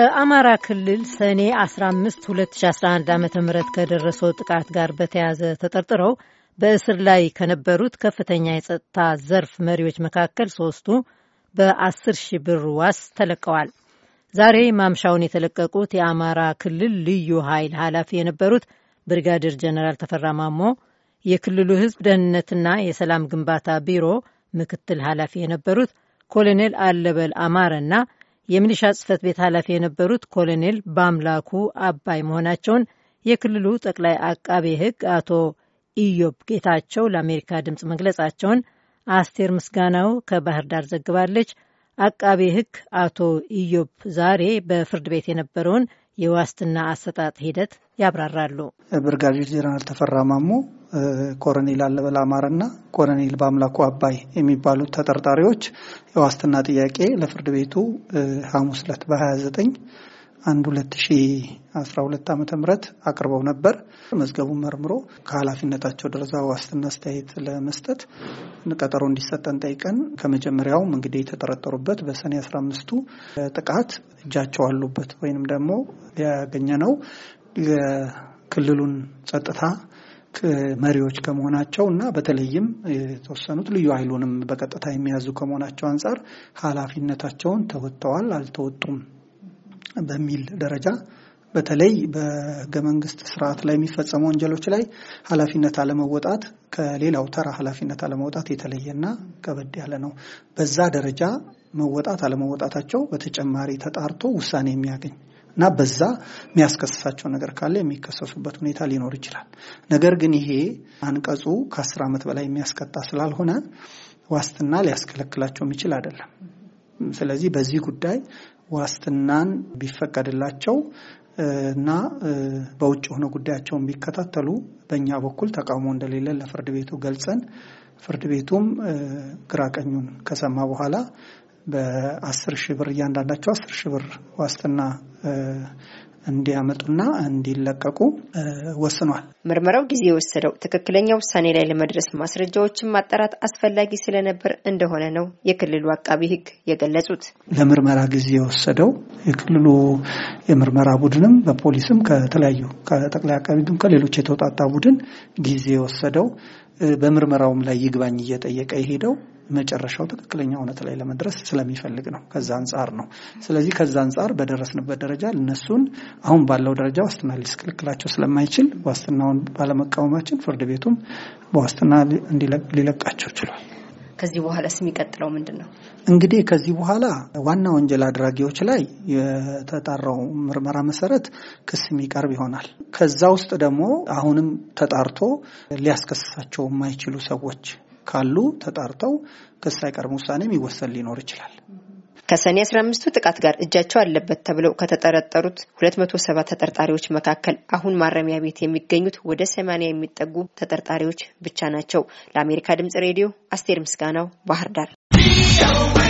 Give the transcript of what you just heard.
በአማራ ክልል ሰኔ 15 2011 ዓ ም ከደረሰው ጥቃት ጋር በተያያዘ ተጠርጥረው በእስር ላይ ከነበሩት ከፍተኛ የጸጥታ ዘርፍ መሪዎች መካከል ሶስቱ በ10 ሺህ ብር ዋስ ተለቀዋል። ዛሬ ማምሻውን የተለቀቁት የአማራ ክልል ልዩ ኃይል ኃላፊ የነበሩት ብሪጋዴር ጀነራል ተፈራ ማሞ፣ የክልሉ ሕዝብ ደህንነትና የሰላም ግንባታ ቢሮ ምክትል ኃላፊ የነበሩት ኮሎኔል አለበል አማረና የሚሊሻ ጽህፈት ቤት ኃላፊ የነበሩት ኮሎኔል በአምላኩ አባይ መሆናቸውን የክልሉ ጠቅላይ አቃቤ ሕግ አቶ ኢዮብ ጌታቸው ለአሜሪካ ድምፅ መግለጻቸውን አስቴር ምስጋናው ከባህር ዳር ዘግባለች። አቃቤ ሕግ አቶ ኢዮብ ዛሬ በፍርድ ቤት የነበረውን የዋስትና አሰጣጥ ሂደት ያብራራሉ። ብርጋዴር ጀነራል ተፈራ ማሞ፣ ኮሎኔል አለበል አማረና ኮሎኔል በአምላኩ አባይ የሚባሉት ተጠርጣሪዎች የዋስትና ጥያቄ ለፍርድ ቤቱ ሐሙስ ዕለት በ29 አንድ 2012 ዓመተ ምህረት አቅርበው ነበር። መዝገቡን መርምሮ ከኃላፊነታቸው ደረጃ ዋስትና አስተያየት ለመስጠት ቀጠሮ እንዲሰጠን ጠይቀን ከመጀመሪያውም እንግዲህ የተጠረጠሩበት በሰኔ 15ቱ ጥቃት እጃቸው አሉበት ወይንም ደግሞ ያገኘ ነው የክልሉን ጸጥታ መሪዎች ከመሆናቸው እና በተለይም የተወሰኑት ልዩ ኃይሉንም በቀጥታ የሚያዙ ከመሆናቸው አንጻር ኃላፊነታቸውን ተወጥተዋል፣ አልተወጡም በሚል ደረጃ በተለይ በህገ መንግስት ስርዓት ላይ የሚፈጸሙ ወንጀሎች ላይ ኃላፊነት አለመወጣት ከሌላው ተራ ኃላፊነት አለመወጣት የተለየና ከበድ ያለ ነው። በዛ ደረጃ መወጣት አለመወጣታቸው በተጨማሪ ተጣርቶ ውሳኔ የሚያገኝ እና በዛ የሚያስከስሳቸው ነገር ካለ የሚከሰሱበት ሁኔታ ሊኖር ይችላል። ነገር ግን ይሄ አንቀጹ ከአስር ዓመት በላይ የሚያስቀጣ ስላልሆነ ዋስትና ሊያስከለክላቸው የሚችል አይደለም። ስለዚህ በዚህ ጉዳይ ዋስትናን ቢፈቀድላቸው እና በውጭ ሆነ ጉዳያቸውን ቢከታተሉ በእኛ በኩል ተቃውሞ እንደሌለ ለፍርድ ቤቱ ገልጸን ፍርድ ቤቱም ግራቀኙን ከሰማ በኋላ በአስር ሺህ ብር እያንዳንዳቸው አስር ሺህ ብር ዋስትና እንዲያመጡና እንዲለቀቁ ወስኗል። ምርመራው ጊዜ የወሰደው ትክክለኛ ውሳኔ ላይ ለመድረስ ማስረጃዎችን ማጣራት አስፈላጊ ስለነበር እንደሆነ ነው የክልሉ አቃቢ ሕግ የገለጹት። ለምርመራ ጊዜ የወሰደው የክልሉ የምርመራ ቡድንም በፖሊስም ከተለያዩ ከጠቅላይ አቃቢ ሕግም ከሌሎች የተውጣጣ ቡድን ጊዜ የወሰደው በምርመራውም ላይ ይግባኝ እየጠየቀ የሄደው መጨረሻው ትክክለኛ እውነት ላይ ለመድረስ ስለሚፈልግ ነው። ከዛ አንጻር ነው። ስለዚህ ከዛ አንጻር በደረስንበት ደረጃ እነሱን አሁን ባለው ደረጃ ዋስትና ሊስከለክላቸው ስለማይችል ዋስትናውን ባለመቃወማችን ፍርድ ቤቱም በዋስትና ሊለቃቸው ችሏል። ከዚህ በኋላ ስም የሚቀጥለው ምንድን ነው? እንግዲህ ከዚህ በኋላ ዋና ወንጀል አድራጊዎች ላይ የተጣራው ምርመራ መሰረት ክስ የሚቀርብ ይሆናል። ከዛ ውስጥ ደግሞ አሁንም ተጣርቶ ሊያስከስሳቸው የማይችሉ ሰዎች ካሉ ተጣርተው ክስ ሳይቀርም ውሳኔ የሚወሰን ሊኖር ይችላል። ከሰኔ 15ቱ ጥቃት ጋር እጃቸው አለበት ተብለው ከተጠረጠሩት 270 ተጠርጣሪዎች መካከል አሁን ማረሚያ ቤት የሚገኙት ወደ 80 የሚጠጉ ተጠርጣሪዎች ብቻ ናቸው። ለአሜሪካ ድምጽ ሬዲዮ አስቴር ምስጋናው ባህር ዳር